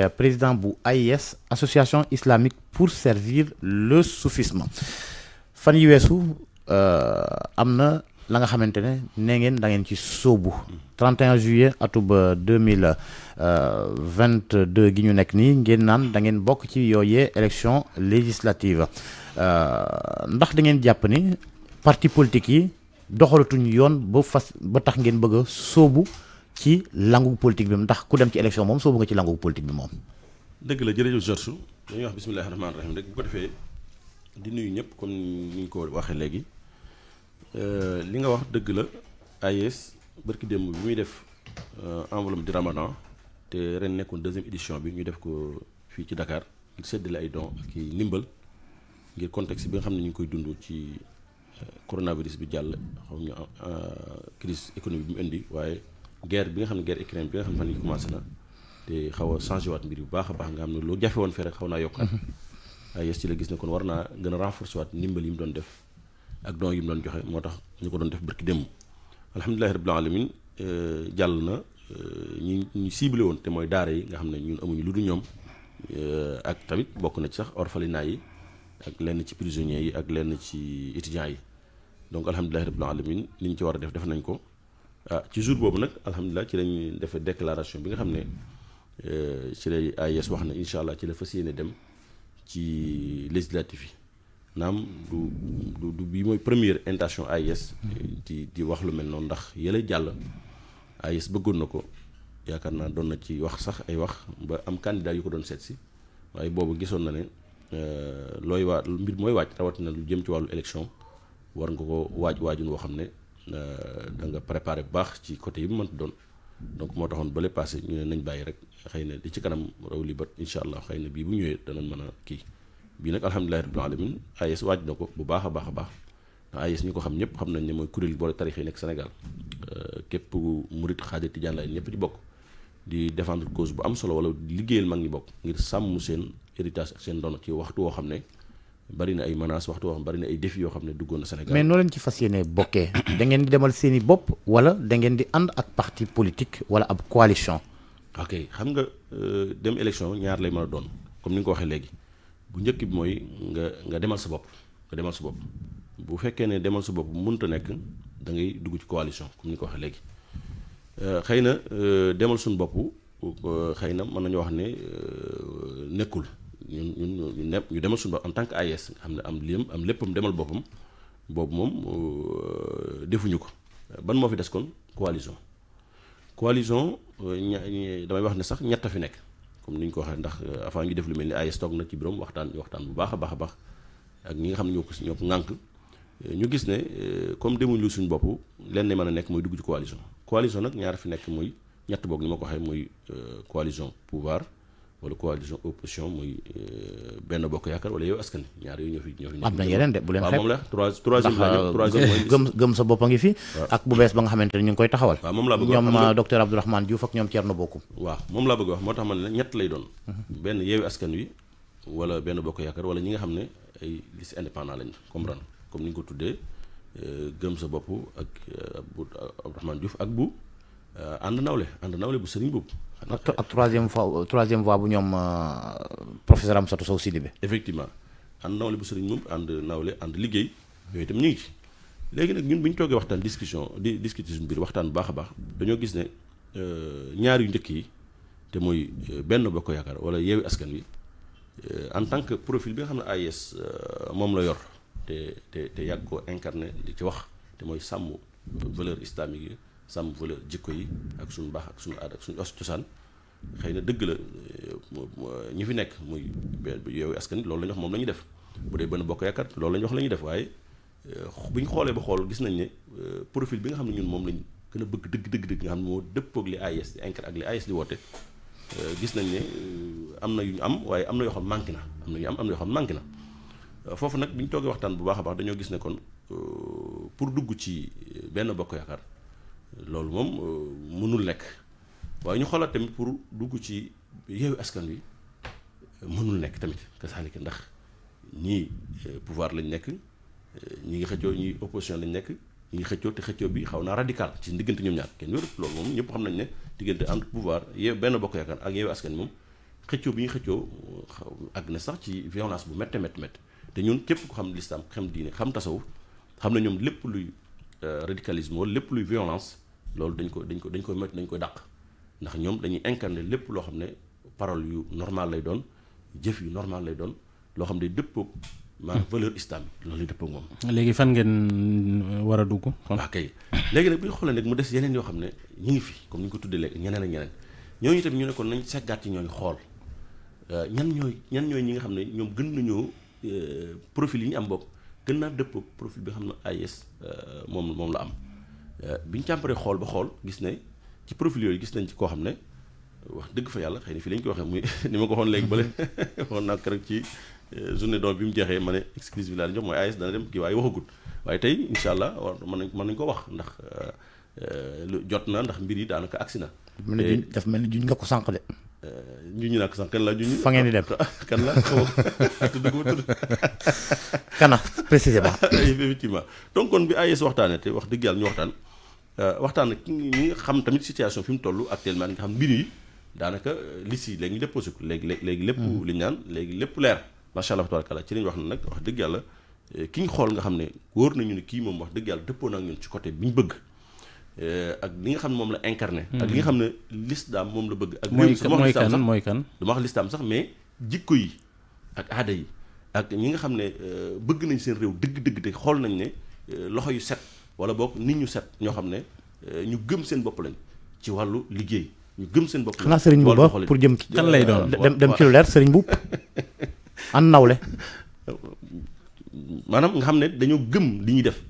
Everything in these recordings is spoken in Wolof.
Euh, président bu AIS association islamique pour servir le soufisement fan yi weesu euh, am na la nga xamante ne nee ngeen da ngeen ci sóobu 31 juillet atub 2022 euh, gi ñu nekk nii ngeen naan da ngeen bokk ci yooyee élection législative ndax da ngeen jàpp ni parti politique yi doxalatuñ yoon ba tax ngeen bëgg a ci langu politique bi ndax ku dem ci élection moom soo bëgg ci langu politique bi moom. dëgg la jërëjëf Georges dañuy wax bisimilah rahmaani rahiim rek bu ko defee di nuyu ñëpp comme ni ñu ko waxee léegi euh, li nga wax dëgg la AIS bërki démb bi muy def euh, enveloppe di Ramadan te ren nekkoon deuxième édition bi ñu def ko fii ci Dakar ngir séddale ay dons ak i ndimbal ngir contexte bi nga xam ne ñu ngi koy dund ci euh, coronavirus bi jàll xaw ñu crise indi waaye. guerre bi nga xam ne guerre Ukraine bi nga xam ne fan yi commencé na te xaw a changé waat mbir bu baax a baax nga xam ne lu jafe woon fee rek xaw naa yokkaat waaye mhm. ah, yes ci la gis ne kon war naa gën a renforcer waat ndimbal yi mu doon def ak don yi mu doon joxe moo tax ñu ko doon def barki démb alhamdulilahi rabbil alamin euh, jàll na euh, ñi ñu ciblé woon te mooy daara yi nga xam ne ñun amuñu lu du ñoom euh, ak tamit bokk na ci sax orphelinat yi ak lenn ci prisonniers yi ak lenn ci étudiants yi donc alhamdulilahi rabbil alamin li ñu ci war a def def nañ ko ah ci jour boobu nag alhamdulilah ci lañuy defe déclaration bi nga xam ne euh, ci lay AIS wax na incha allah ci la fas yéene dem ci législatif yi naam du du du mooy première intention AIS. di di wax lu mel noonu ndax yële jàll AIS bëggoon na ko yaakaar naa doon na ci wax sax ay wax ba am candidat yu ko doon seet si waaye boobu gisoon na ne euh, looy waa mbir mooy waaj rawatina lu jëm ci wàllu élection war nga ko waaj waajun woo xam ne. Euh, da nga préparé bu baax ci côté yi mu mënta doon donc moo taxoon bale passé ñu ne nañ bàyyi rek xëy na di ci kanam raw li bët incha allah xëy na bii bu ñëwee danañ man a kii bii nag alhamdulilahi rabbil alamin AIS waaj na ko bu baax a baax a baax ndax AIS ñu ko xam ñëpp xam nañ ne mooy kuréel boole tarix yi nekk Sénégal euh, képp murit xaaja tijaan laay ñëpp di bokk di défendre cause bu am solo wala liggéeyal mag ñi bokk ngir sàmm seen héritage ak seen dono ci waxtu woo xam ne bari na ay menaces waxtu wax bari na ay défis yoo xam ne duggoon na Sénégal. mais noo leen ci fas yéenee bokkee da ngeen di demal seeni bopp wala da ngeen di ànd ak parti politique wala ab coalition. ok xam nga euh, dem élection ñaar lay mën a doon comme ni nga ko waxee léegi bu njëkk bi mooy nga nga demal sa bopp nga demal sa bopp bu fekkee ne demal sa bopp mënut a nekk da ngay dugg ci coalition comme ni nga ko waxee léegi euh, xëy na euh, demal suñu bopp xëy na mën nañu wax ne nekkul. ñun ñun ñu ne ñu demal suñu bopp en tant que AIS nga xam ne am liem am léppam demal boppam boobu moom euh, defuñu ko ban moo fi des kon coalition coalition euh, ña damay wax ne sax ñett fi nekk comme ni ñu ko waxee ndax euh, avant ñu def lu mel ni AIS toog na ci biroom waxtaan waxtaan bu baax a baax a baax nga xam ne ñoo ko ñoo ñu gis ne comme demuñu suñu bopp lenn mën a nekk mooy dugg ci coalition coalition nag ñaar fi nekk muy ñett boog ni ma ko waxee muy coalition pouvoir wala coalition opposition muy euh, benn bokk yaakaar wala yow askan ñaar yooyu ñoo fi ñoo fi. am na yeneen de bu leen xeeb moom gëm sa bopp ngi fi. ak bu bees ba nga xamante ne ñu ngi koy taxawal. waaw moom laa bëgg ñoom euh, docteur Abdourahmane Diouf ak ñoom Thierno Bocoum. waaw mhm. benn yeewi askan wi wala benn ñi nga xam ne ay liste indépendant lañ comprendre ko tuddee euh, sa bopp ak Abdourahmane Diouf ak bu. Euh, ànd nawle ànd nawle bu sëriñ boobu. ak troisième fois troisième fois bu ñoom euh, professeur Amsatou Sow Sidibé. effectivement ànd nawle bu sëriñ boobu ànd nawle ànd liggéey yooyu itam ñu ngi ci. léegi nag ñun bu ñu toogee waxtaan discussion di discuter suñu biir waxtaan bu baax a baax dañoo gis ne euh, ñaar yu njëkk yi te mooy benn bokk yaakaar wala yeewi askan wi en tant que profil bi nga xam ne AIS moom la yor te te te yàgg ko incarné di ci wax te mooy sàmm valeur islamique yi. sàmm valeur jikko yi ak suñu baax ak suñu aada ak suñu os cosaan xëy na dëgg la ñi fi nekk muy yow askan loolu la ñu wax moom la ñuy def bu dee bokk yaakaar loolu la ñu la ñuy def waaye euh, bu ñu xoolee ba xool gis nañ ne euh, profil bi nga xam ne ñun moom lañ gën a bëgg dëgg dëgg dëgg nga xam ne moo dëppoog li AIS di ANCAR ak li AIS di euh, gis nañ ne am na yu am waaye am na yoo xam manqué na am na yu am am yoo xam manqué na foofu nag bi toogee waxtaan bu baax a dañoo gis ne kon pour dugg ci benn bokk yaakaar loolu moom euh, mënul nekk waaye ñu xoolaat tamit pour dugg ci yeewu askan wi euh, mënul nekk tamit kasaalika ndax ñii euh, pouvoir lañ nekk ñi ngi xëccoo ñii opposition lañ nekk ñi ngi xëccoo te xëccoo bi xaw naa radical ci diggante ñoom ñaar kenn wérut loolu moom ñëpp xam nañ ne diggante entre pouvoir yeewu benn bokk yaakaar ak yeewu askan wi moom xëccoo bi ñu xëccoo àgg na sax ci violence bu métte mett métte te ñun képp ko xam lislaam xam diine xam tasawuf xam na ñoom lépp luy Euh, radicalisme wala lépp luy violence loolu dañ ko dañ ko dañ koy mettre dañ koy dàq ndax ñoom dañuy incarner lépp loo xam ne parole yu normal lay doon jëf yu normal lay doon loo xam ne dëppoog ma hmm. valeur islamique loolu lay dëppoog moom. léegi fan ngeen euh, war a dugg. waaw kay léegi nag bu ñu xoolee nag mu des yeneen yoo xam ne ñu ngi fi comme ni ñu ko tuddee léegi ñeneen ak ñeneen ñooñu itam ñu ne kon nañ seggaat ci ñooñu xool euh, ñan ñooy ñan ñooy ñi nga xam ne ñoom gën nañoo profil yi ñu am bopp gën naa dëpp profil bi nga xam ne AIS euh, moom moom la am euh, bi ñu càmparee xool ba xool gis ne ci profil yooyu gis nañ ci koo xam ne wax dëgg fa yàlla xëy na fii lañ ko waxee muy ni ma ko waxoon léegi bële waxoon naa ko rek ci euh, journée doom bi mu jeexee ma ne exclusive bi laa jox mooy AIS dana dem kii waaye waxagut waaye tey incha allah war mën nañ mën nañ ko wax ndax jot na ndax mbir yi daanaka agsi na. daf mel ni juñ nga ko sànq de. juñu euh, nag sax kan la juñu. fa ngeen di dem kan la xaw ma tudd ko tudd. kana précisément. effectivement donc kon bi AES waxtaanee te wax dëgg yàlla ñu waxtaan euh, waxtaan ak ñi nga xam tamit situation fi mu toll actuellement nga xam mbir yi daanaka euh, li si léegi ñu déposé ko léegi léegi lépp hmm. li ñu naan léegi lépp leer macha allah tabaarkalla ci lañ wax na nag wax dëgg yàlla ki ñu xool nga xam ne wóor nañu ne kii moom wax dëgg yàlla dëppoo na ak ñun ci côté bi ñu bëgg. Euh, ak li nga xam ne moom la incarné. Hmm. ak li nga xam ne lislaam moom la bëgg. ak mooy kan mooy kan mooy kan wax lislaam sax mais jikko yi ak aada yi ak ñi nga xam ne euh, bëgg nañ seen réew dëgg-dëgg te xool nañ ne euh, loxo yu set wala boog nit ñu set ñoo xam ne ñu gëm seen bopp lañ ci wàllu liggéey ñu gëm seen bopp lañ. xanaa sëriñ bu ba pour jëm ci kan lay doon dem dem ci lu leer sëriñ bu an nawle. maanaam nga xam ne dañoo gëm li ñuy def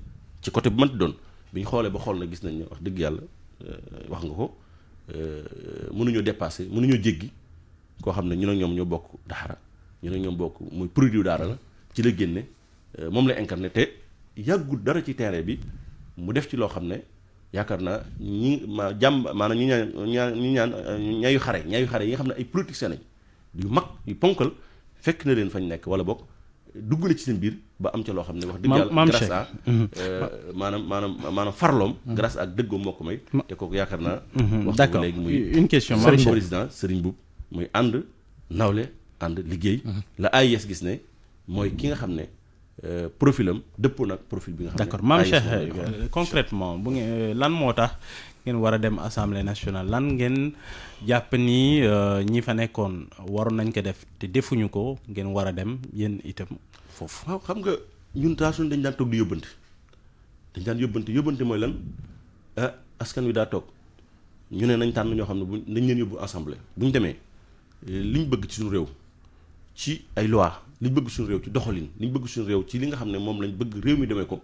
ci côté bu mënti doon. bi ñu xoolee ba xool na gis nañ ne wax dëgg yàlla euh, wax nga ko euh, mënuñu dépassé mënuñu jéggi koo xam ne ñu ak ñoom ñoo bokk daara ñu ne ñoom bokk muy produit daara la ci la génne euh, moom la incarné te yàggul dara ci terrain bi mu def ci loo xam ne yaakaar naa ñi ma jàmb maanaam ñu ñaan ñaan ñu ñaan ñaayu xare ñaayu xare yi nga xam ne ay politiciens lañ yu mag yu ponkal fekk na leen fañ nekk wala bokk duggale ci seen biir ba am ca loo xam ne wax dëgg yàlla grâce à mhm. euh, maanaam maanaam maanaam farloom mhm. grâce ak dëggoom moo ko may te kooku yaakaar naa mhm. wax d'accord léegi muy une question sëriñ président sëriñ Boub muy ànd nawle ànd liggéey la AIS gis ne mooy ki nga xam ne Euh, profil am dëppoo nag profil bi nga xam ne d'accord maam Cheikh euh, concrètement bu ngeen euh, lan moo tax ngeen war a dem assemblée nationale lan ngeen jàpp ni ñi fa nekkoon waroon nañ ko def te defuñu ko ngeen war a dem yéen itam foofu. waaw xam nga ñun taasun dañ daan toog di yóbbante dañ daan yóbbante yóbbante mooy lan ah askan wi daa ñu ne nañ tànn ñoo xam ne bu nañ leen yóbbu assemblée bu ñu demee liñ bëgg ci suñu réew ci ay loi li bëgg suñu réew ci doxalin liñ bëgg suñu réew ci li nga xam ne moom lañ bëgg réew mi demee ko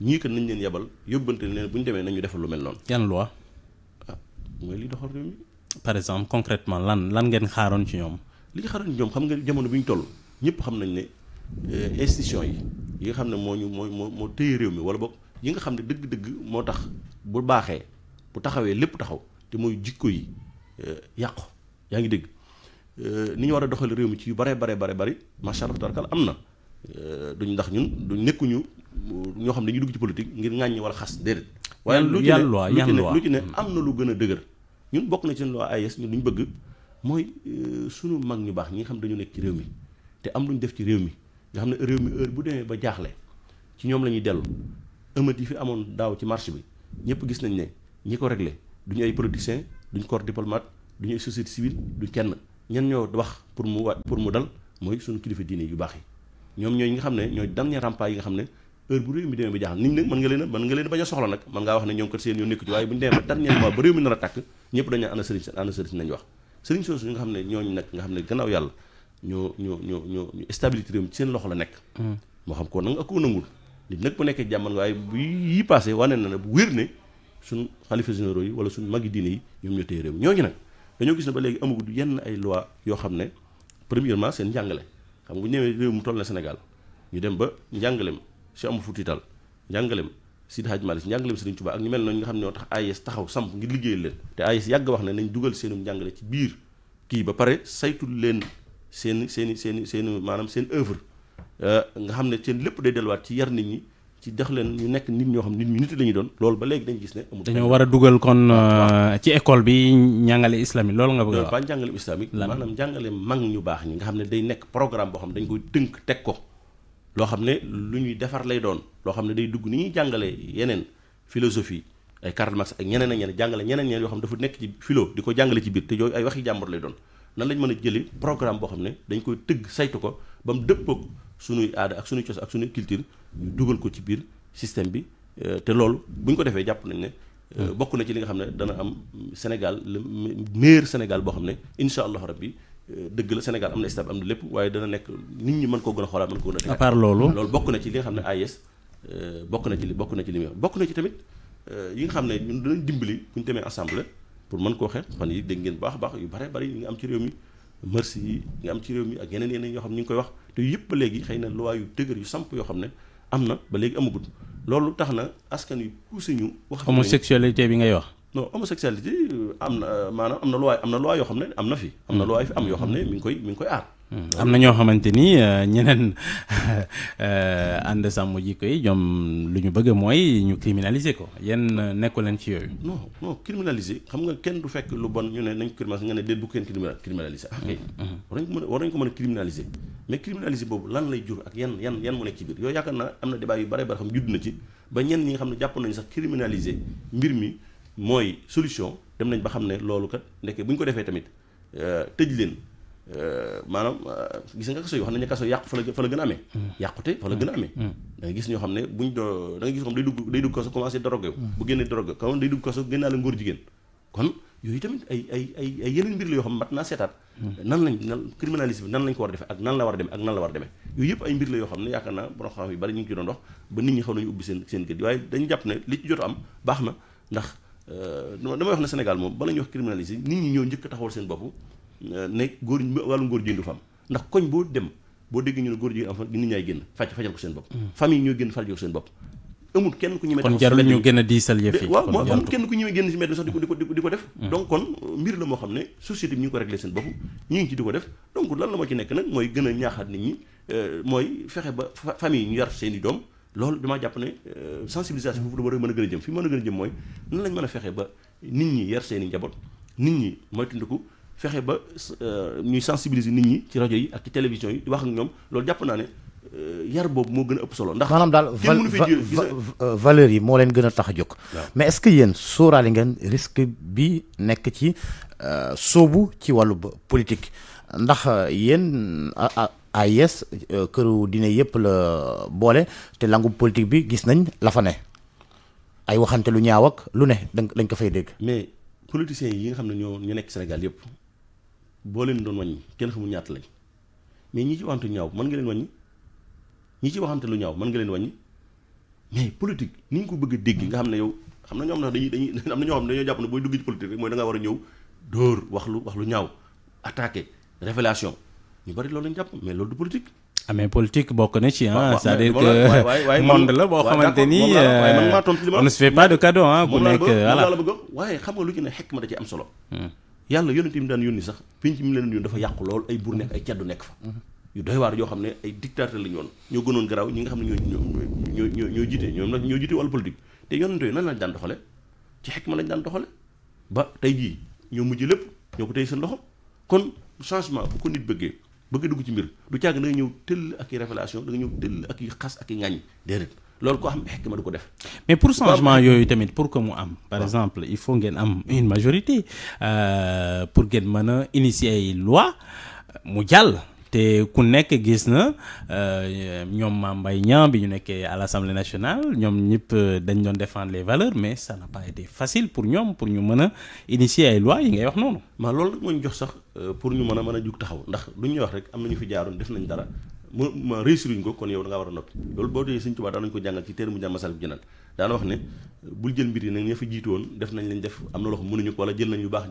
ñii kat nañ leen yebal yóbbante leen bu ñu demee nañu defal lu mel noonu. yan loi ah, mooy li doxal réew mi. par exemple concretement lan lan ngeen xaaroon ci ñoom. li ñu xaaroon ñoom xam nga jamono bi ñu toll ñëpp xam nañ ne euh, institution yi yi nga xam ne moo ñu moo moo moo réew mi wala boog yi nga xam ne dëgg-dëgg moo tax bu baaxee bu taxawee lépp taxaw te mooy jikko yi euh, yàqu yaa ngi dégg Euh, ni ñu war a doxal réew mi ci yu bare bare bare bari macha allah tabarkal am na euh, duñ ndax ñun duñ nekkuñu ñoo xam ne dañuy dugg ci politique ngir ŋàññi wala xas déedéet waaye lu ci ne lu ci ne hmm. am na lu gën a dëgër ñun bokk na ci seen loi AES ñun lu ñu bëgg mooy euh, sunu mag ñu baax ñi nga xam dañu nekk ci réew mi te am lu ñu def ci réew mi nga xam ne réew mi heure bu demee ba jaaxle ci ñoom la ñuy dellu ëmat yi fi amoon daaw ci marché bi ñëpp gis nañ ne ñi ko réglé duñu ay politiciens duñ corps diplomate duñu ay société civile duñ kenn ñan ñoo wax pour mu wa pour mu dal mooy suñu kilifa diine yu baax yi ñoom ñooy nga xam ne ñooy dernier rempart yi nga xam ne heure bu réew mi demee ba jaaxal nit ñi nag mën nga leen a mën nga leen bañ a soxla nag mën ngaa wax ne ñoom kat seen yoon nekku ci waaye bu ñu demee ba dernier mois ba réew mi nar a tàkk ñëpp dañu ana sëriñ ana sëriñ nañ wax sëriñ soosu nga xam ne ñooñu nag nga xam ne gannaaw yàlla ñoo ñoo ñoo ñoo stabilité réew mi ci seen loxo la nekk hmm. moo xam ko nanga ak koo nangul nit nag bu nekkee jàmman waaye bu yi passé wane na ne bu wér ne suñ xalifa généraux yi wala suñ magi diine yi ñoom ñoo téye réew mi ñooñu nag dañoo gis ne ba léegi amagul yenn ay loi yoo xam ne premièrement seen njàngale xam nga ñëwee réew mu toll na Sénégal ñu dem ba njàngaleem si amul futital njàngaleem Sidi Hadj Malick njàngaleem Serigne Touba ak ñu mel noonu nga xam ne ñoo tax AIS taxaw samp ngir liggéeyal leen te AIS yàgg wax ne nañ dugal seenu njàngale ci biir kii ba pare saytu leen seen seen i seen i seen maanaam seen œuvre euh, nga xam ne seen lépp day delluwaat ci yar nit ñi ci dex leen ñu nekk nit ñoo xam nit ñu nit la ñuy doon loolu ba léegi dañu gis ne amul dañoo war a dugal kon euh, ci école bi njàngale islamique loolu nga bëgg a euh, wax ba njàngale islamique maanaam njàngale ñu baax ñi nga xam ne day nekk programme boo xam ne dañ koy tënk teg ko loo xam ne lu ñuy defar lay doon loo xam ne day dugg ni ñuy jàngale yeneen philosophie ay Karl Marx ak jàngale ñeneen ñeneen yoo xam ne dafa nekk ci philo di ko jàngale ci biir te yooyu ay waxi jàmbur lay doon lañ mën a jëlee programme boo xam ne dañ koy tëgg saytu ko ba mu dëppoo sunuy aada ak sunuy cos ak sunuy culture ñu dugal ko ci biir système bi euh, te loolu buñ ko defee jàpp nañ ne euh, hmm. bokk na ci li nga xam ne dana am Sénégal le meilleur Sénégal boo xam ne incha allah rabbi euh, dëgg la Sénégal am na stade am na lépp waaye dana nekk nit ñi mën koo gën a xoolaat mën koo gën a. à part loolu loolu bokk na ci li nga xam ne AIS bokk na ci li bokk na ci li muy bokk na ci tamit yi nga xam ne ñun danañ dimbali bu ñu demee assemblée pour mën koo xeex fan yi dégg ngeen baax baax yu bare bari yi am ci réew mi. merci yi nga am ci réew mi ak yeneen yeneen yoo xam ne ñu koy wax te yëpp ba léegi xëy na lu yu dëgër yu samp yoo xam ne am na ba léegi amagut loolu tax na askan yu poussé ñu wax homosexualité bi ngay wax non homosexualité am na maanaam am na loi am na loi yoo ne am na fi am na loi fi am yoo xam ne mi ngi koy mi ngi koy aar Hmm. am na ñoo xamante ni euh, ñeneen euh, ànd sàmm jikko yi ñoom lu ñu bëgg mooy ñu criminaliser ko yéen euh, nekku leen ci yooyu. non non criminaliser xam nga kenn du fekk lu bon ñu ne nañ ko criminaliser ne déet bu kenn criminaliser. ah kay hmm. Hmm. war nañ ko mën a war nañ ko mën mais criminaliser boobu lan lay jur ak yan yan yan mu nekk ci biir yooyu yaakaar naa am na débat yu bare bare xam judd na ci ba ñenn ñi xam ne jàpp nañu sax criminaliser mbir mi mooy solution dem nañ ba xam ne loolu kat ndekkee bu ñu ko defee tamit tëj leen. Euh, maanaam euh, gis nga kaso yi wax nañu kaso yàqu fa la fa la gën a amee hmm. yàqute fa la gën a amee hmm. da nga gis ñoo xam ne buñ doo da nga gis xam day dugg day dugg kaso commencé drogué hmm. bu génnee drogué kon day dugg kaso génnaa la ngóor jigéen kon yooyu tamit ay ay ay ay yeneen mbir la yoo xam mat naa seetaat nan lañ nan criminaliste bi nan lañ ko war a defee ak nan la war a demee ak nan la war a demee yooyu yëpp ay mbir la yoo xam ne yaakaar naa borom xam yu bari ñu ngi ci doon wax ba nit ñi xaw nañu ubbi seen seen gët waaye dañu jàpp ne li ci jot am baax na ndax euh, damay wax ne Sénégal moom bala ñuy wax criminaliste nit ñi ñoo njëkk taxawal seen bopp ne góor wàllu góor jigéen du fa am ndax koñ boo dem boo dégg ñu ne góor jigéen am nit ñaay génn faj fajal ko seen bopp mm. famille ñoo génn fajal ko seen bopp amul kenn ku ñemee kon a diisal yëf yi waaw amul kenn ku ñemee génn si mbedd sax di ko di ko def mm. donc kon mbir la moo xam ne société bi ñu ngi ko réglé seen bopp ñu ngi ci di ko def donc lan la moo ci nekk nag mooy gën a ñaaxaat nit ñi euh, mooy fexe ba famille ñu yar seen i doom loolu damaa jàpp ne euh, sensibilisation foofu la war a mën a gën a jëm fi mën a gën a jëm mooy nan lañ mën a fexe ba nit ñi yar seen njaboot nit ñi moytundiku fexe ba euh, ñuy sensibilise nit ñi ci rajo yi ak ci télévision yi di wax ak ñoom loolu jàpp naa ne euh, yar boobu moo gën a ëpp solo ndax maanaam daal euh, valeur yi moo leen gën a tax a jóg mais est-ce que yéen sóoraale ngeen risque bi nekk ci soobu ci wàllu politique ndax yéen AIS këru diine yëpp la boole te langu politique bi gis nañ lafane ay waxante lu ñaaw ak lu ne dañ ko fay dégg mais politiciens yi nga xam ne ñoo ñu nekk Sénégal yëpp boo leen doon wàññi kenn xamul ñaata lañ mais ñi ci waxante ñaaw mën nga leen wàññi ñi ci waxante lu ñaaw mën nga leen wàññi mais politique ni ñu ko bëgg a dégg nga xam ne yow xam na am na ñoo xam ne dañoo jàpp ne booy dugg ci a ñëw wax lu wax lu ñaaw attaqué révélation ñu bari loolu lañ jàpp mais loolu du politique. amee ah, politique bokk na ci ah. cest à la boo xamante ni euh, on ne se fait pas de cadeau ah. ku nekk voilà waaye xam nga lu ci ne xekk ma da ci am solo. Hmm. yàlla yonent yi mu daan yónni sax pinc mi leen yónni dafa yàqu lool ay buur nekk ay ceddu nekk fa mhm. yu doy waar yoo xam ne ay dictateur lañu woon ñoo gënoon garaaw ñi nga xam ne ñoo ñoo ñoo ñoo jiite ñoom nag ñoo jiite wàllu politique te yonent yooyu nan lañ daan doxale ci ma lañ daan doxale ba tey jii ñoo mujj lépp ñoo ko tey seen loxo kon changement bu ko nit bëggee bëgg dugg ci mbir du càgg na nga ñëw tëll ak i révélation da nga ñëw tëll ak i ak i ŋàññ déedéet loolu ko am xikma du ko def. mais pour changement yooyu tamit pour que mu am. par exemple il faut ngeen am une majorité euh, pour ngeen mën a initier ay loi mu jàll. te ku nekk gis na euh, ñoom Mame Mbaye Niang bi ñu nekkee à l'Assemblée nationale ñoom ñëpp euh, dañ doon défendre les mais ça n'a pas été facile pour ñoom pour ñu mën a initier ay loi yi ngay wax noonu. maa loolu moo ñu jox sax pour ñu mën a mën a jug taxaw ndax lu ñuy wax rek am na ñu fi jaaroon def nañ dara mu réussir wuñ ko kon a noppi loolu boo dee na loo xam mënuñu ko wala jël nañ yu baax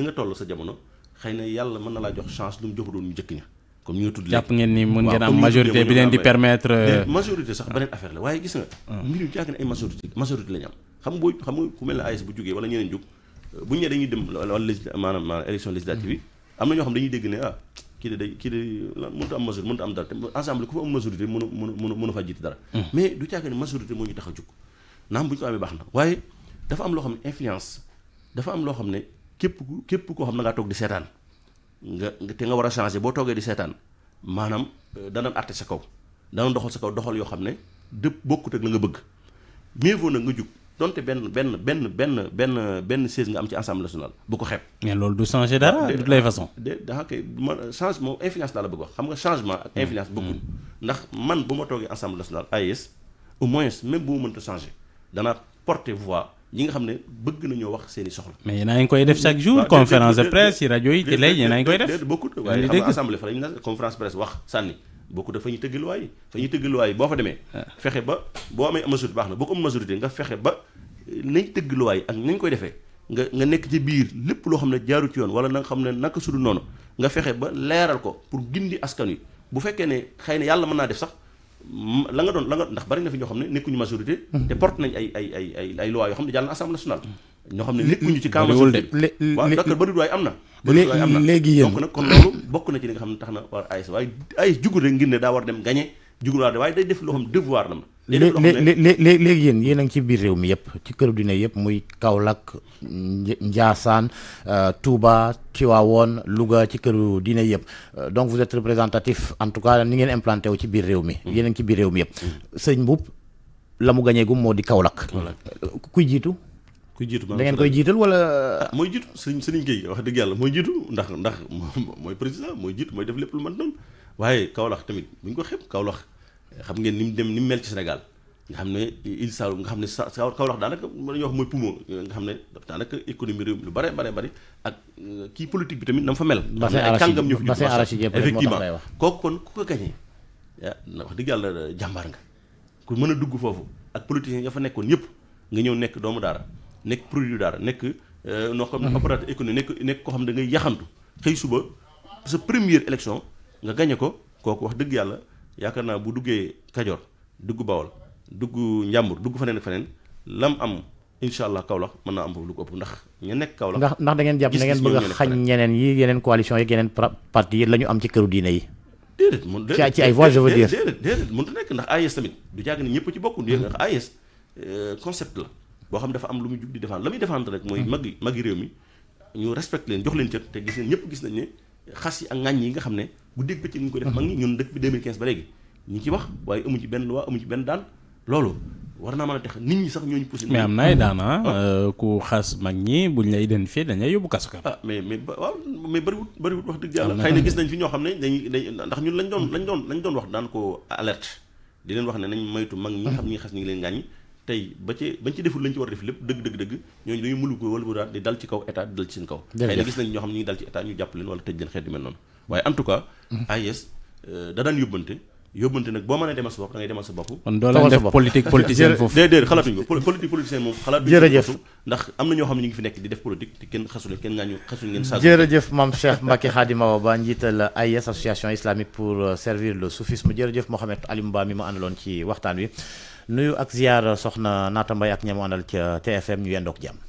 nga toll sa jamono xëy na yàlla mën na laa jox chance lu mu joxu doon ñu comme ñu tudd jàpp ni mën ngeen am majorité bi leen di permettre euh, majorité sax beneen affaire la waaye gis nga ah. mbir yu jàgg ay majorité majorité am xam boo xam nga ku mel ne AES bu jógee wala ñeneen jóg bu ñu nee dañuy dem wala maanaam maanaam élection législative yi mm. am na ñoo xam dañuy dégg ne ah, kii de day kii de lan am majorité mënut a am dara te ensemble ku fa am majorité mënu mënu mënu faa jiite dara. Hmm. mais du caaga ne majorité moo ñu tax a jug naam bu ñu ko amee baax na waaye dafa am loo xam ne influence dafa am loo xam ne képp ku képp koo xam ne ngaa toog di seetaan nga te nga war a changé boo toogee di seetaan maanaam euh, dana àtte sa kaw dana doxal sa kaw doxal yoo xam ne dëpp bokkut ak la nga bëgg mieux vaut nag nga jug. donte benn benn benn benn benn benn siège nga am ci assemblée nationale bu ko xeeb. mais loolu du changer dara de toutes les façons. de daa koy man changement influence laa la bëgg wax xam nga changement ak influence bokkul ndax man bu ma toogee assemblée nationale AES au moins même bu ma mënta changer danaa porter voix. ñi nga xam ne bëgg nañoo wax seen i soxla. mais yéen a ngi koy def chaque jour conférence de presse yi rajo yi télé yéen a ngi koy def. bokkut waaye xam nga assemblée fa lañu conférence presse wax sànni. bokku dafa ñuy tëgg luwaay fa ñuy tëgg luwaay boo fa demee ah. fexe ba boo amee majorité baax na boo ko am nga fexe ba nañ tëgg luwaay ak nañ koy defee nga nga nekk ci biir lépp loo xam ne jaaru ci yoon wala na xam ne naka sudu noonu nga fexe ba leeral ko pour gindi askan wi bu fekkee ne xëy na yàlla mën naa def sax la nga doon la nga ndax bari na fi ñoo xam ne nekkuñu majorité mm-hmm. te porte nañ ay ay ay ay ay loi yoo xam ne jàll na assemblée nationale ñoo xam ne nekkuñu ci kaamu suuf de waaw d'accord bëri waay am na bëri waay am na léegi yéen donc nag kon loolu bokk na ci li nga xam ne tax na war AS waaye AS jugul rek ngir ne daa war dem gagné jugul waa waaye day def loo xam devoir lam léegi léegi yéen yéen a ngi ci biir réew mi yëpp ci këru dina yëpp muy Kaolack Ndiassane euh, Touba Tivaouane Louga ci këru dina yëpp euh, donc vous êtes représentatif en tout cas ni ngeen implanté wu ci biir réew mi mm. yéen a ngi ci biir réew mi yëpp mm. sëñ Mboup la mu gañeegum moo di Kaolack euh, kuy jiitu kuy jiitu da ngeen koy jiital wala. Ah, ah, mooy jiitu sëriñ sëriñ Gueye wax dëgg yàlla mooy jiitu ndax ndax mooy président mooy mooy def lépp lu mën noonu waaye Kaolack tamit bu ñu ko xeeb Kaolack xam ngeen ni mu dem ni mu mel ci Sénégal xam ne Ile nga xam ne sa Kaolack daanaka mën nañu wax mooy poumon nga xam ne daanaka économie réew lu bare bare bari ak euh, kii politique bi tamit na mu fa mel. kàngam ñëw fi ñu effectivement kooku kon ku ko gañee na wax dëgg yàlla jàmbaar nga ku mën a dugg foofu ak politiciens nga fa nekkoon yëpp nga ñëw nekk doomu daara nekk produit dara nekk euh, noo xam ne opérateur mhm. économique nekk nekk koo xam ne da ngay yaxantu xëy suba sa première élection nga gañe ko kooku wax dëgg yàlla yaakaar naa bu duggee Kajoor dugg Bawol dugg njambur dugg feneen feneen lam am incha allah Kaolack mën naa am foofu lu ko ëpp ndax ñu nekk Kaolack ndax ndax da ngeen jàpp dangeen ngeen bëgg a xañ ñeneen yi yeneen coalition yi yeneen parti yi la ñu am ci këru diine yi déedéet mun déedéet ci ay voix je veux dire déedéet déedéet nekk ndax AES tamit du jàgg ne ñëpp ci bokk ndax AES euh, concept la boo xam ne dafa am lu muy jub di defaan la muy défendre rek mooy hmm. magi magi réew mi ñu respecte leen jox leen cër te gis nañ ñëpp gis nañ ne xas yi ak ŋàññ yi nga xam ne bu dégg bëccëg ñu ko def hmm. mag ñi ñun dëkk bi 2015 ba léegi ñu ci wax waaye amu ci benn waa amu daan loolu war naa a tax nit ñi sax ñooñu poussé mais am na ay daan ah, hmm. euh, ku xas mag ñi buñ lay identifié dañ lay yóbbu kasu ah, mais mais waaw mais bëriwut bëriwut wax dëgg yàlla xëy na gis nañ fi ñoo xam ne dañuy dañ ndax ñun lañ doon lañ doon lañ doon wax daan ko alerte di leen wax ne nañ moytu mag ñi xam ñi xas ñi ngi leen gàññi tey ba ci bañ ci deful lañ ci war a def lépp dëgg dëgg dëgg ñooñu dañuy mënu ko bu daal di dal ci kaw état dal ci seen kaw xëy na gis nañ ñoo xam ne ñu ngi dal ci état ñu jàpp leen wala tëj leen xeet yu mel noonu waaye en tout cas mhm. AIS euh, demal sa bopp da ngay demal def politique politicien foofu déedéet ko politique politicien moom xalaat jërëjëf ndax xam ne ñu ngi fi nekk di def politique te kenn xasule kenn ngaañu xasuñ ngeen saa jërëjëf maam Cheikh Mbacké Khadim Awa Ba euh, waxtaan nuyu ak ziar soxna Naata Mbaye ak ñamu àndal ca TFM ñu yendook jàmm